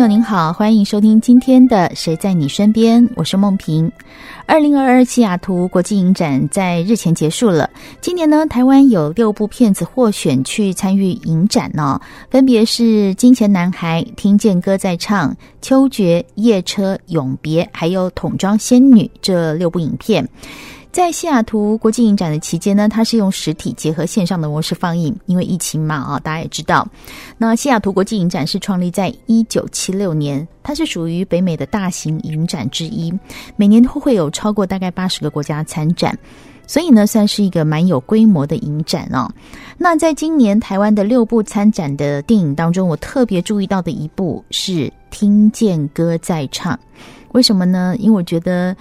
朋友您好，歡迎收聽今天的《誰在你身邊》，我是夢萍。二零二二西雅圖國際影展在日前結束了，今年呢，台灣有六部片子獲選去參與影展呢、哦，分別是《金錢男孩》、《聽見歌再唱》秋，《秋決》、《夜車》、《永別》還有《桶裝仙女》這六部影片。在西雅圖國際影展的期間呢，它是用實體結合線上的模式放映，因為疫情嘛啊，大家也知道。那西雅圖國際影展是創立在一九七六年，它是屬於北美的大型影展之一，每年都會有超過大概八十個國家參展，所以呢，算是一個蠻有規模的影展哦。那在今年台灣的六部參展的電影當中，我特別注意到的一部是《聽見歌再唱》，為什麼呢？因為我覺得。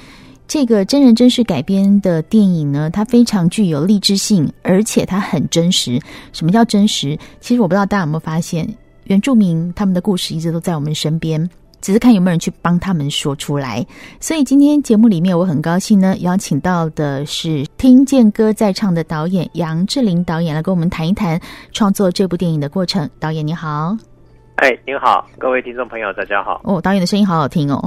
這個真人真事改編的電影呢，它非常具有勵志性，而且它很真實。什麼叫真實？其實我不知道大家有沒有發現，原住民他們的故事一直都在我們身邊，只是看有沒有人去幫他們說出來。所以今天節目裡面，我很高興呢，邀請到的是《聽見歌再唱》的導演楊智麟導演來跟我們談一談創作這部電影的過程。導演你好。哎，您好，各位聽眾朋友，大家好。哦，導演的聲音好好聽哦。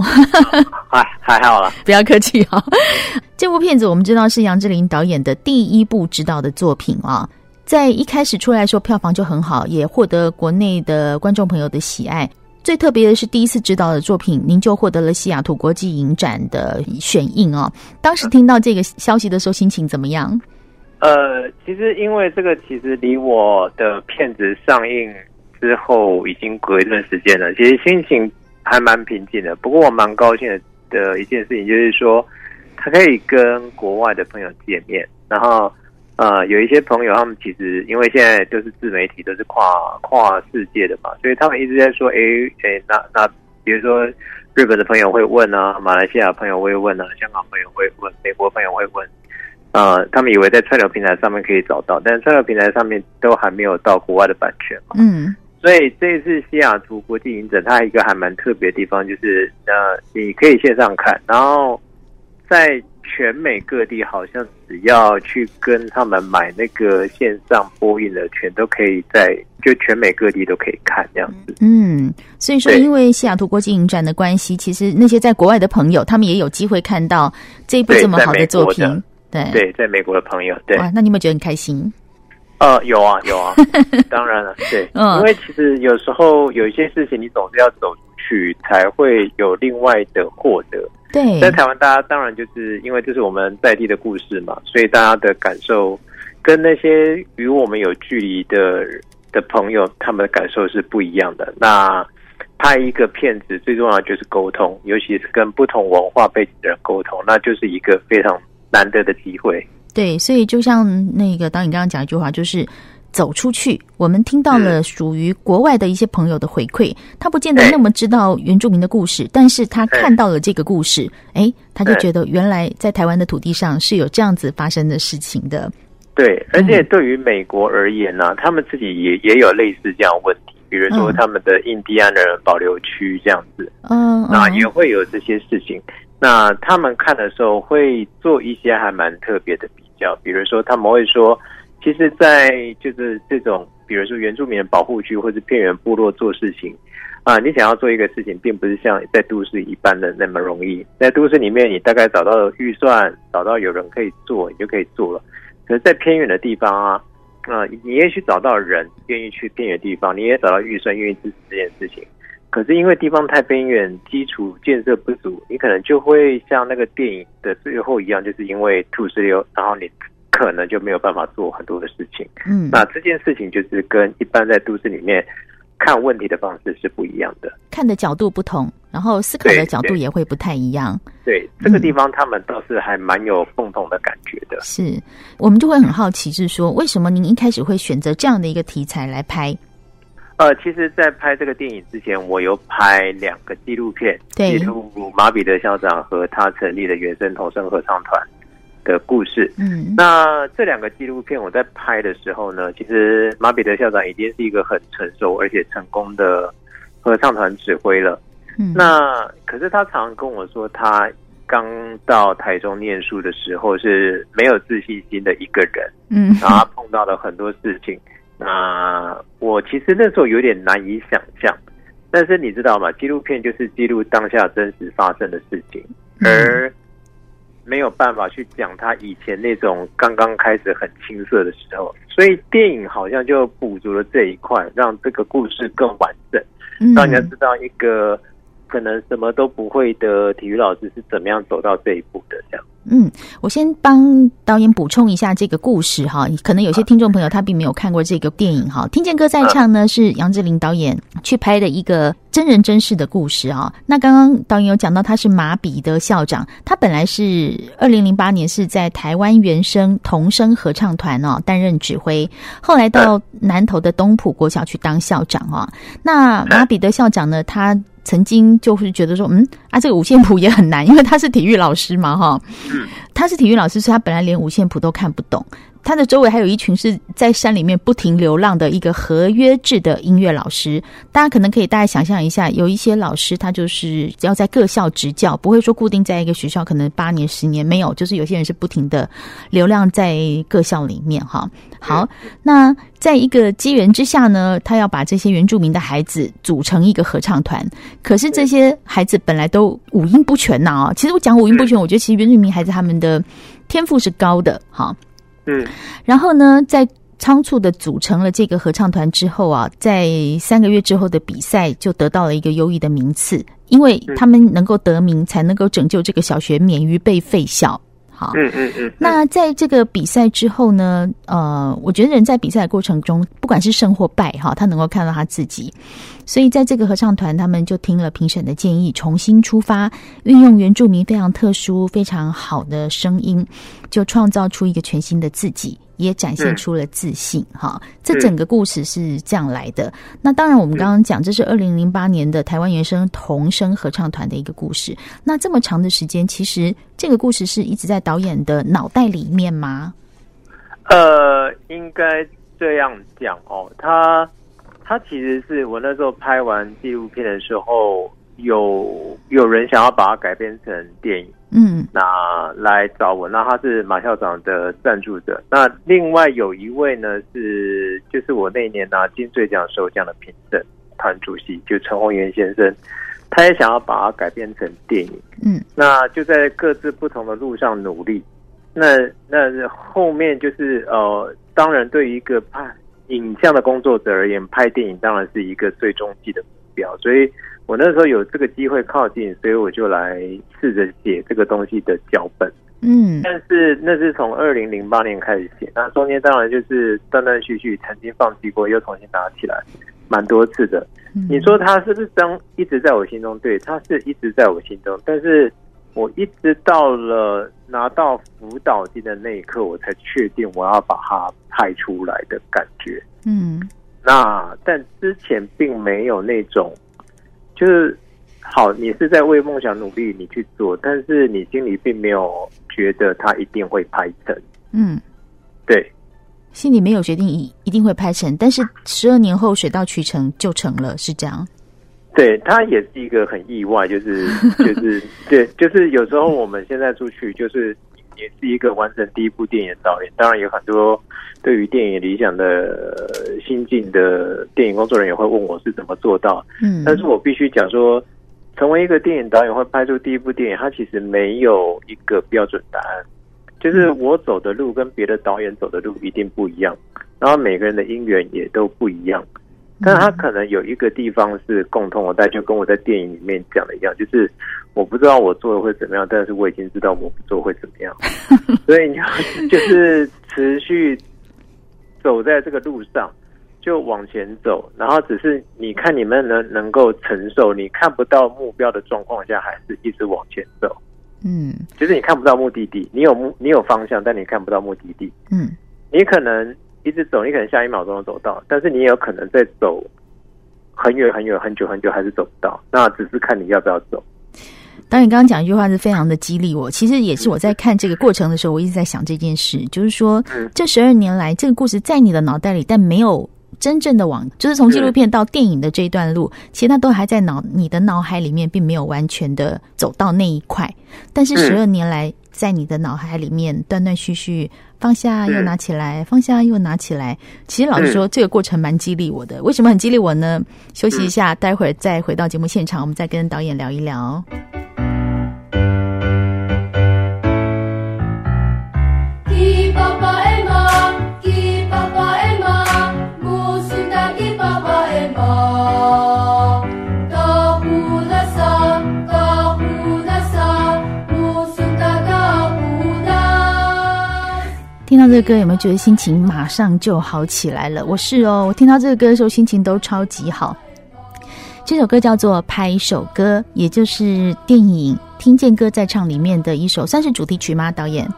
哎， 還好了，不要客氣哦。 這部片子我們知道是楊智麟導演的第一部指導的作品啊，哦，在一開始出來說票房就很好，也獲得國內的觀眾朋友的喜愛。最特別的是第一次指導的作品，您就獲得了西雅圖國際影展的選映哦。當時聽到這個消息的時候，心情怎麼樣？呃，其實因為這個，其實離我的片子上映。之後已經隔一段時間了，其實心情還蠻平靜的。不過我蠻高興的一件事情就是說，他可以跟國外的朋友見面。然後呃，有一些朋友他們其實因為現在都是自媒體，都是跨跨世界的嘛，所以他們一直在說：“哎、欸、誒、欸、那那比如說日本的朋友會問啊，馬來西亞朋友會問啊，香港朋友會問，美國朋友會問。”呃，他們以為在串流平台上面可以找到，但是串流平台上面都還沒有到國外的版權嘛。嗯。所以這一次西雅圖國際影展，它一個還蠻特別的地方就是，呃，你可以線上看，然後在全美各地，好像只要去跟他們買那個線上播映的券都可以在，就全美各地都可以看這樣子。嗯，所以說因為西雅圖國際影展的關係，其實那些在國外的朋友，他們也有機會看到這一部這麼好的作品。對對，對，在美國的朋友，對，哇、啊，那你有沒有覺得很開心？呃，有啊，有啊， 當然了，啊，對，因為其實有時候有一些事情，你總是要走出去，才會有另外的獲得。對，在台灣，大家當然就是因為這是我們在地的故事嘛，所以大家的感受跟那些與我們有距離的的朋友，他們的感受是不一樣的。那拍一個片子，最重要的就是溝通，尤其是跟不同文化背景的人溝通，那就是一個非常難得的機會。對，所以就像那個導演剛剛講一句話，就是走出去。我們聽到了屬於國外的一些朋友的回饋，嗯、他不見得那麼知道原住民的故事，嗯、但是他看到了這個故事，哎、嗯，他就覺得原來在台灣的土地上是有這樣子發生的事情的。對，嗯、而且對於美國而言呢、啊，他們自己也也有類似這樣問題，比如說他們的印第安人保留區這樣子，嗯，那也會有這些事情。那他們看的時候會做一些還蠻特別的。比如說，他們會說，其實，在就是這種，比如說原住民的保護區或者偏遠部落做事情啊、呃，你想要做一個事情，並不是像在都市一般的那麼容易。在都市裡面，你大概找到預算，找到有人可以做，你就可以做了。可是，在偏遠的地方啊，啊、呃，你也許找到人願意去偏遠地方，你也找到預算願意支持這件事情。可是因為地方太偏遠，基礎建設不足，你可能就會像那個電影的最後一樣，就是因為土石流，然後你可能就沒有辦法做很多的事情。嗯，那這件事情就是跟一般在都市裡面看問題的方式是不一樣的，看的角度不同，然後思考的角度也會不太一樣。對，對，嗯，這個地方，他們倒是還蠻有共同的感覺的。是，我們就會很好奇，是說為什麼您一開始會選擇這樣的一個題材來拍？呃，其實，在拍這個電影之前，我有拍兩個紀錄片，對，記錄馬彼得校長和他成立的原聲童聲合唱團的故事。嗯，那這兩個紀錄片我在拍的時候呢，其實馬彼得校長已經是一個很成熟而且成功的合唱團指揮了。嗯，那可是他常常跟我說，他剛到台中唸書的時候是沒有自信心的一個人。嗯，然後碰到了很多事情。嗯 啊、呃，我其實那時候有點難以想象，但是你知道嗎？紀錄片就是記錄當下真實發生的事情，而沒有辦法去講他以前那種剛剛開始很青澀的時候，所以電影好像就補足了這一塊，讓這個故事更完整，大家知道一個可能什麼都不會的體育老師是怎麼樣走到這一步的。嗯，我先幫導演補充一下這個故事哈，可能有些聽眾朋友他並沒有看過這個電影哈。聽見歌再唱呢，是楊智麟導演去拍的一個真人真事的故事啊。那剛剛導演有講到，他是馬彼得校長，他本來是二零零八年是在台灣原聲童聲合唱團哦擔任指揮，後來到南投的東埔國小去當校長啊、哦。那馬彼得校長呢，他。曾經就會覺得說，嗯啊，這個五線譜也很難，因為他是體育老師嘛，哈、嗯，他是體育老師，所以他本來連五線譜都看不懂。他的周圍還有一群是在山裡面不停流浪的一個合約制的音樂老師，大家可能可以大家想象一下，有一些老師他就是要在各校執教，不會說固定在一個學校，可能八年十年沒有，就是有些人是不停的流浪在各校裡面哈。好，好，那在一個機緣之下呢，他要把這些原住民的孩子組成一個合唱團，可是這些孩子本來都五音不全吶啊！其實我講五音不全，我覺得其實原住民孩子他們的天賦是高的哈。嗯，然後呢，在倉促的組成了這個合唱團之後啊，在三個月之後的比賽就得到了一個優異的名次，因為他們能夠得名，才能夠拯救這個小學免於被廢校。嗯嗯嗯。那在這個比賽之後呢？呃，我覺得人在比賽的過程中，不管是勝或敗，哈、哦，他能夠看到他自己。所以在這個合唱團，他們就聽了評審的建議，重新出發，運用原住民非常特殊、非常好的聲音，就創造出一個全新的自己。也展現出了自信哈、嗯，這整個故事是這樣來的。嗯、那當然，我們剛剛講這是二零零八年的台灣原聲童聲合唱團的一個故事。那這麼長的時間，其實這個故事是一直在導演的腦袋裡面嗎？呃，應該這樣講哦。他他其實是我那時候拍完紀錄片的時候，有有人想要把它改編成電影。嗯，那來找我，那他是馬校長的贊助者。那另外有一位呢，是就是我那一年拿金穗獎時候這樣的評審團主席，就陳紅元先生，他也想要把它改編成電影。嗯，那就在各自不同的路上努力。那那後面就是呃，當然對於一個拍影像的工作者而言，拍電影當然是一個最終極的目標，所以。我那時候有這個機會靠近，所以我就來試着寫這個東西的腳本。嗯，但是那是從二零零八年開始寫，那中間當然就是斷斷續續，曾經放棄過，又重新拿起來，蠻多次的。嗯、你說他是不是當一直在我心中？對，他是一直在我心中，但是我一直到了拿到輔導金的那一刻，我才確定我要把它拍出來的感覺。嗯，那但之前並沒有那種。就是好，你是在為夢想努力，你去做，但是你心裡並沒有覺得他一定會拍成，嗯，對，心裡沒有決定一一定會拍成，但是十二年後水到渠成就成了，是這樣，對，他也是一個很意外，就是就是 對，就是有時候我們現在出去就是。也是一個完成第一部電影導演，當然有很多對於電影理想的新進的電影工作人員會問我是怎麼做到，嗯，但是我必須講說，成為一個電影導演會拍出第一部電影，它其實沒有一個標準答案，就是我走的路跟別的導演走的路一定不一樣，然後每個人的因緣也都不一樣。但他可能有一個地方是共通，我但就跟我在電影裡面講的一樣，就是我不知道我做的會怎麼樣，但是我已經知道我不做會怎麼樣，所以你要就是持續走在這個路上，就往前走，然後只是你看你們能能夠承受，你看不到目標的狀況下，還是一直往前走。嗯，就是你看不到目的地，你有目你有方向，但你看不到目的地。嗯，你可能。一直走，你可能下一秒鐘走到。但是你也有可能在走很遠、很遠、很久、很久，還是走不到。那只是看你要不要走。當你剛剛講一句話，是非常的激勵我。其實也是我在看這個過程的時候，嗯、我一直在想這件事，就是說，嗯、這十二年來，這個故事在你的腦袋裡，但沒有真正的往，就是從紀錄片到電影的這一段路，嗯、其實它都還在腦你的腦海裡面，並沒有完全的走到那一塊。但是十二年來、嗯，在你的腦海裡面，斷斷續續續。放下又拿起來，嗯，放下又拿起來。其實老實說，嗯，這個過程蠻激勵我的。為什麼很激勵我呢？休息一下，待會兒再回到節目現場，我們再跟導演聊一聊。唱這個歌有沒有覺得心情馬上就好起來了？我是哦，我聽到這個歌的時候，心情都超級好。這首歌叫做《拍手歌》，也就是電影《聽見歌再唱》裡面的一首，算是主題曲嗎？導演？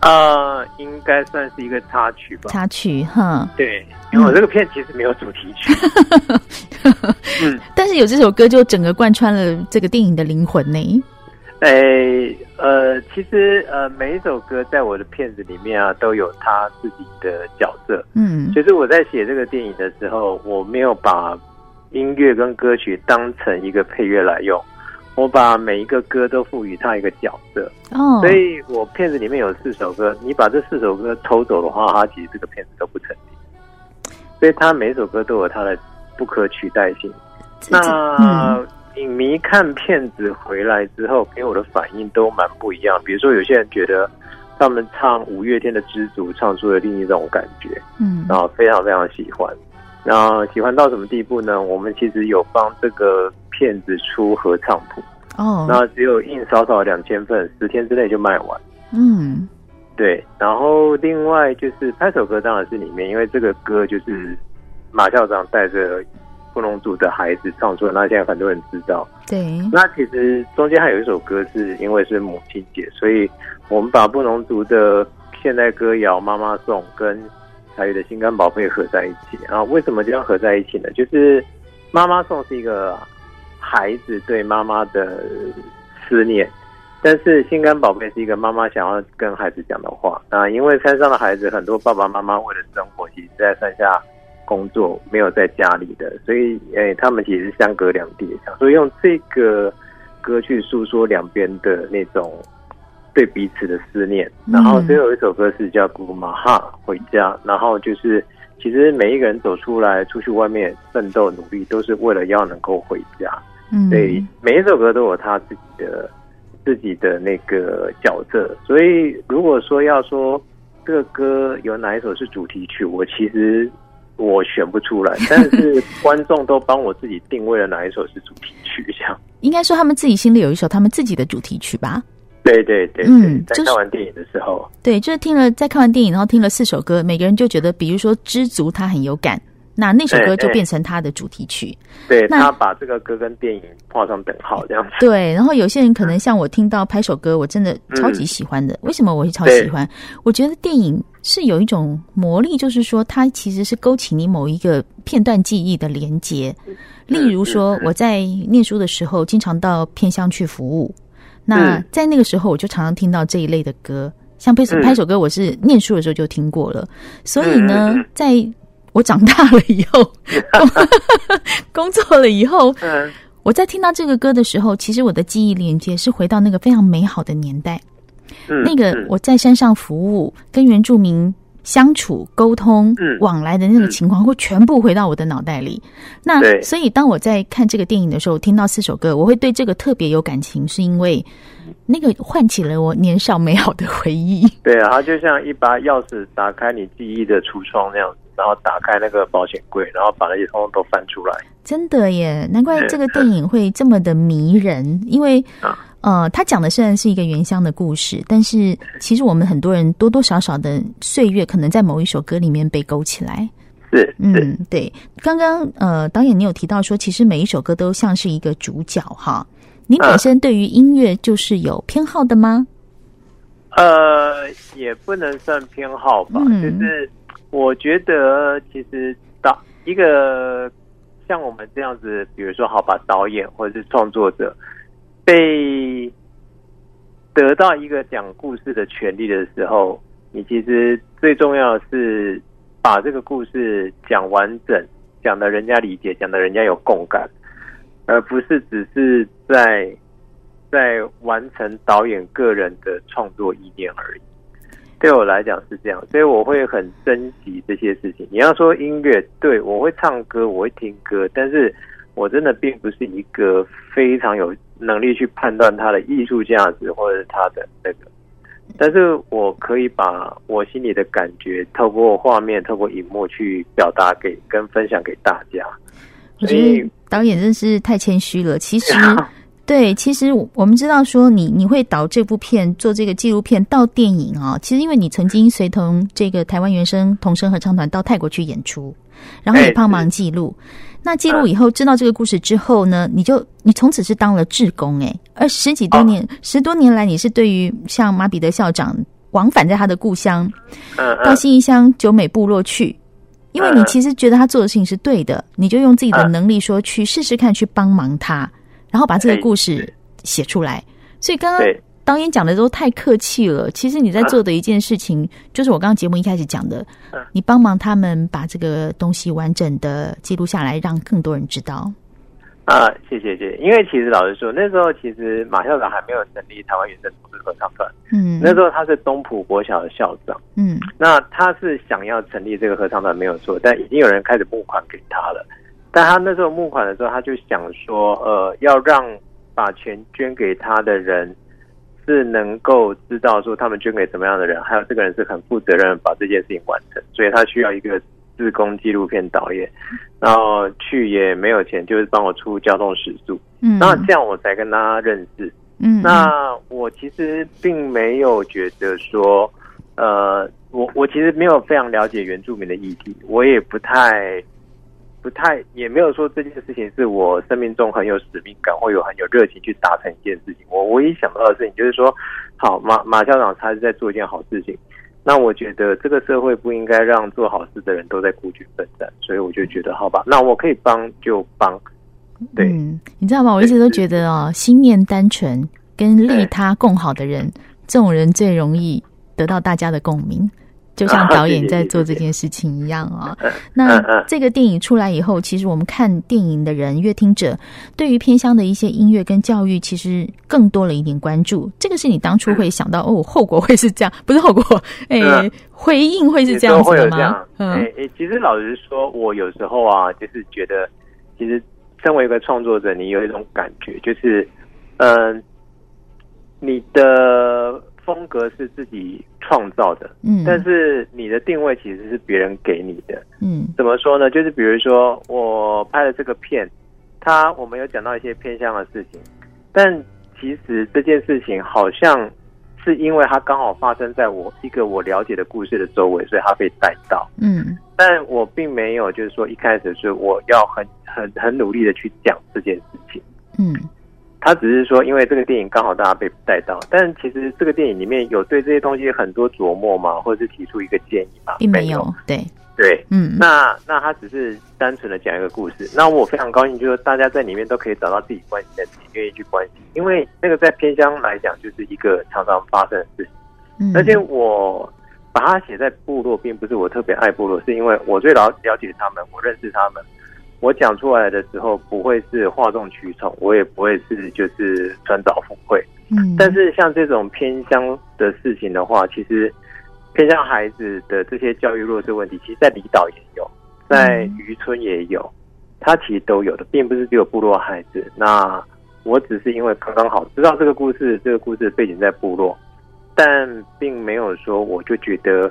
呃，應該算是一個插曲吧。插曲哈，對，我、哦嗯、因為這個片其實沒有主題曲， 嗯，但是有這首歌就整個貫穿了這個電影的靈魂呢。哎、欸，呃，其實呃，每一首歌在我的片子裡面啊，都有它自己的角色。嗯，就是我在寫這個電影的時候，我沒有把音樂跟歌曲當成一個配樂來用，我把每一個歌都賦予它一個角色。哦，所以我片子裡面有四首歌，你把這四首歌偷走的話，它其實這個片子都不成立。所以它每一首歌都有它的不可取代性。嗯、那。嗯影迷看片子回來之後給我的反應都蠻不一樣，比如說有些人覺得他們唱五月天的《知足》唱出了另一種感覺，嗯，然後非常非常喜歡，然後喜歡到什麼地步呢？我們其實有幫這個片子出合唱譜，哦，那只有印少少兩千份，十天之內就賣完，嗯，對。然後另外就是拍手歌，當然是裡面，因為這個歌就是馬校長帶着。布農族的孩子唱出的，那現在很多人知道。對，那其實中間還有一首歌，是因為是母親節，所以我們把布農族的現代歌謠《媽媽送》跟才有的心肝寶貝合在一起。啊，為什麼這樣合在一起呢？就是《媽媽送》是一個孩子對媽媽的思念，但是《心肝寶貝》是一個媽媽想要跟孩子講的話。啊，因為山上的孩子很多，爸爸媽媽為了生活，其實，在山下。工作沒有在家裡的，所以誒、欸，他們其實相隔兩地，所以用這個歌去訴說兩邊的那種對彼此的思念。嗯、然後，最後一首歌是叫《姑馬哈回家》，然後就是其實每一個人走出來，出去外面奮鬥努力，都是為了要能夠回家。嗯，所以每一首歌都有他自己的自己的那個角色。所以如果說要說這個歌有哪一首是主題曲，我其實。我選不出來，但是觀眾都幫我自己定位了哪一首是主題曲，這樣 應該說他們自己心裡有一首他們自己的主題曲吧？對對對對，嗯，在看完電影的時候，就是、對，就是聽了在看完電影，然後聽了四首歌，每個人就覺得，比如說《知足》，他很有感。那那首歌就變成他的主題曲，對那他把這個歌跟電影畫上等號這樣子。對，然後有些人可能像我聽到《拍手歌》，我真的超級喜歡的。嗯、為什麼我是超喜歡？我覺得電影是有一種魔力，就是說它其實是勾起你某一個片段記憶的連接。例如說，我在念書的時候，經常到偏鄉去服務、嗯。那在那個時候，我就常常聽到這一類的歌，像《拍手拍手歌》，我是念書的時候就聽過了。嗯、所以呢，嗯、在我長大了以後，工作了以後、 嗯，我在聽到這個歌的時候，其實我的記憶連接是回到那個非常美好的年代。嗯、那個我在山上服務、嗯、跟原住民相處、溝通、嗯、往來的那個情況、嗯，會全部回到我的腦袋裡。那所以當我在看這個電影的時候，聽到四首歌，我會對這個特別有感情，是因為那個喚起了我年少美好的回憶。對啊，它就像一把鑰匙，打開你記憶的櫥窗那樣子。然後打開那個保險櫃，然後把那些通通都翻出來。真的耶，難怪這個電影會這麼的迷人，因為、啊、呃，他講的雖然是一個原鄉的故事，但是其實我們很多人多多少少的歲月，可能在某一首歌裡面被勾起來。是，嗯，對。剛剛呃，導演你有提到說，其實每一首歌都像是一個主角哈。你本身對於音樂就是有偏好的嗎？啊、呃，也不能算偏好吧，嗯、就是。我覺得其實導一個像我們這樣子，比如說好吧，導演或者是創作者，被得到一個講故事的權利的時候，你其實最重要的是把這個故事講完整，講得人家理解，講得人家有共感，而不是只是在在完成導演個人的創作意念而已。對我來講是這樣，所以我會很珍惜這些事情。你要說音樂，對我會唱歌，我會聽歌，但是我真的並不是一個非常有能力去判斷它的藝術價值或者是它的那個。但是我可以把我心裡的感覺透過畫面、透過熒幕去表達給跟分享給大家。所以我覺得導演真是太謙虛了，其實。對，其實我們知道，說你你會導這部片，做這個紀錄片到電影哦，其實因為你曾經隨同這個臺灣原聲童聲合唱團到泰國去演出，然後也幫忙記錄。那記錄以後、啊、知道這個故事之後呢，你就你從此是當了志工誒、哎、而十幾多年、啊、十多年來，你是對於像馬彼得校長往返在他的故鄉、啊啊，到新一鄉九美部落去，因為你其實覺得他做的事情是對的，啊、你就用自己的能力說去試試看，啊、去幫忙他。然後把這個故事寫出來，所以剛剛導演講的都太客氣了。其實你在做的一件事情，啊、就是我剛剛節目一開始講的、啊，你幫忙他們把這個東西完整的記錄下來，讓更多人知道。啊，謝謝謝謝。因為其實老實說，那時候其實馬校長還沒有成立台灣原聲童聲合唱團，嗯，那時候他是東埔國小的校長，嗯，那他是想要成立這個合唱團沒有錯，但已經有人開始募款給他了。但他那時候募款的時候，他就想說，呃，要讓把錢捐給他的人是能夠知道說他們捐給什麼樣的人，還有這個人是很負責任把這件事情完成，所以他需要一個志工紀錄片導演，然後去也沒有錢，就是幫我出交通食宿，嗯，然後這樣我才跟他認識，嗯，那我其實並沒有覺得說，呃，我我其實沒有非常了解原住民的議題，我也不太。不太也沒有說這件事情是我生命中很有使命感，或有很有熱情去達成一件事情。我唯一想到的事情就是說，好馬馬校長他是在做一件好事情。那我覺得這個社會不應該讓做好事的人都在孤軍奮戰，所以我就覺得好吧，那我可以幫就幫。對、嗯，你知道嗎？我一直都覺得哦，心念單純跟利他共好的人，這種人最容易得到大家的共鳴。就像導演在做這件事情一樣、哦、啊。那這個電影出來以後，嗯嗯、其實我們看電影的人、閱、嗯嗯、聽者，對於偏鄉的一些音樂跟教育，其實更多了一點關注。這個是你當初會想到、嗯、哦，後果會是這樣，不是後果？哎、嗯欸嗯，回應會是這樣子的嗎？這哎、嗯欸，其實老實說，我有時候啊，就是覺得，其實身為一個創作者，你有一種感覺，就是嗯、呃，你的。風格是自己創造的，嗯，但是你的定位其實是別人給你的，嗯，怎麼說呢？就是比如說我拍了這個片，它我們有講到一些偏鄉的事情，但其實這件事情好像是因為它剛好發生在我一個我了解的故事的周圍，所以它被帶到，嗯，但我並沒有就是說一開始是我要很很很努力的去講這件事情，嗯。他只是說，因為這個電影剛好大家被帶到，但其實這個電影裡面有對這些東西很多琢磨嘛，或者是提出一個建議嘛。並沒有。對對，嗯，那那他只是單純的講一個故事。那我非常高興，就是大家在裡面都可以找到自己關心的，自己願意去關心，因為那個在偏鄉來講就是一個常常發生的事情。嗯，而且我把它寫在部落，並不是我特別愛部落，是因為我最了了解他們，我認識他們。我講出來的時候，不會是嘩眾取寵，我也不會是就是專找峰會、嗯。但是像這種偏鄉的事情的話，其實偏鄉孩子的這些教育弱勢問題，其實在離島也有，在漁村也有，它、嗯、其實都有的，並不是只有部落孩子。那我只是因為剛剛好知道這個故事，這個故事的背景在部落，但並沒有說我就覺得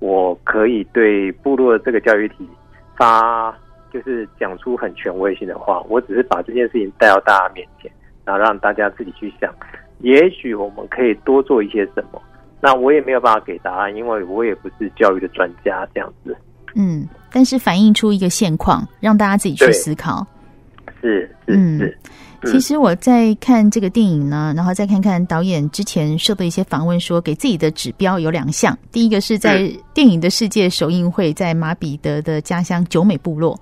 我可以對部落這個教育體發。就是講出很權威性的話，我只是把這件事情帶到大家面前，然後讓大家自己去想，也許我們可以多做一些什麼。那我也沒有辦法給答案，因為我也不是教育的專家。這樣子，嗯，但是反映出一個現況，讓大家自己去思考。是，是，是，嗯，是。其實我在看這個電影呢，然後再看看導演之前受的一些訪問說，說給自己的指標有兩項。第一個是在電影的世界首映會在馬彼得的家鄉九美部落，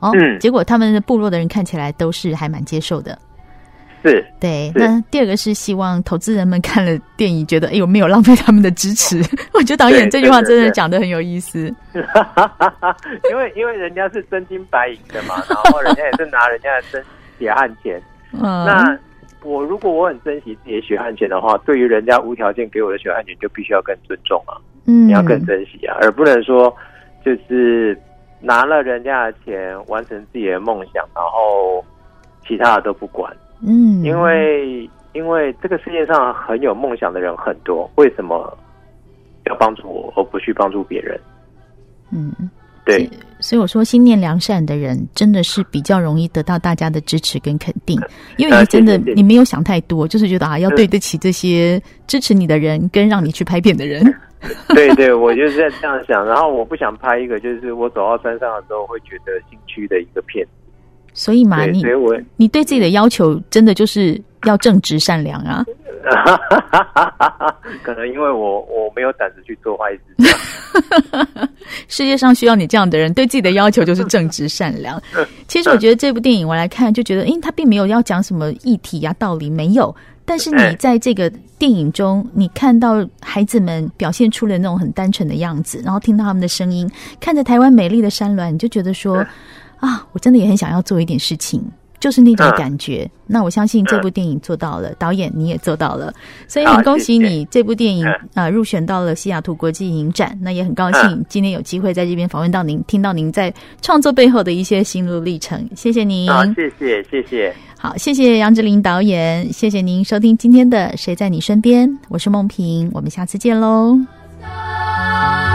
哦、嗯，結果他們的部落的人看起來都是還蠻接受的，是，對。是，那第二個是希望投資人們看了電影，覺得哎呦沒有浪費他們的支持。 我覺得導演這句話真的講得很有意思， 因為因為人家是真金白銀的嘛， 然後人家也是拿人家的真血汗錢。 那我如果我很珍惜自己的血汗錢的話，對於人家無條件給我的血汗錢，就必須要更尊重啊，嗯，你要更珍惜啊，而不能說就是。拿了人家的錢完成自己的夢想，然後其他的都不管。嗯，因為因為這個世界上很有夢想的人很多，為什麼要幫助我而不去幫助別人？嗯，對。所以我說，心念良善的人真的是比較容易得到大家的支持跟肯定，嗯、因為你真的、嗯、謝謝謝謝你沒有想太多，就是覺得啊，要對得起這些支持你的人、嗯、跟讓你去拍片的人。 對對，我就是在這樣想，然後我不想拍一個就是我走到山上的時候會覺得心虛的一個片。所以嘛，所以，你，你對自己的要求真的就是要正直善良啊。 可能因為我我沒有膽子去做壞事。 世界上需要你這樣的人，對自己的要求就是正直善良。 其實我覺得這部電影我來看就覺得，因為它並沒有要講什麼議題啊，道理沒有。但是你在這個電影中，你看到孩子們表現出了那種很單純的樣子，然後聽到他們的聲音，看着台灣美麗的山巒，你就覺得說，啊，我真的也很想要做一點事情。就是那種感覺、嗯。那我相信這部電影做到了、嗯，導演你也做到了，所以很恭喜你這部電影啊、嗯嗯呃、入選到了西雅圖國際影展。那也很高興今天有機會在這邊訪問到您、嗯，聽到您在創作背後的一些心路歷程。謝謝您，嗯、謝謝謝謝。好，謝謝楊智麟導演，謝謝您收聽今天的《誰在你身邊》，我是夢萍，我們下次見嘍。啊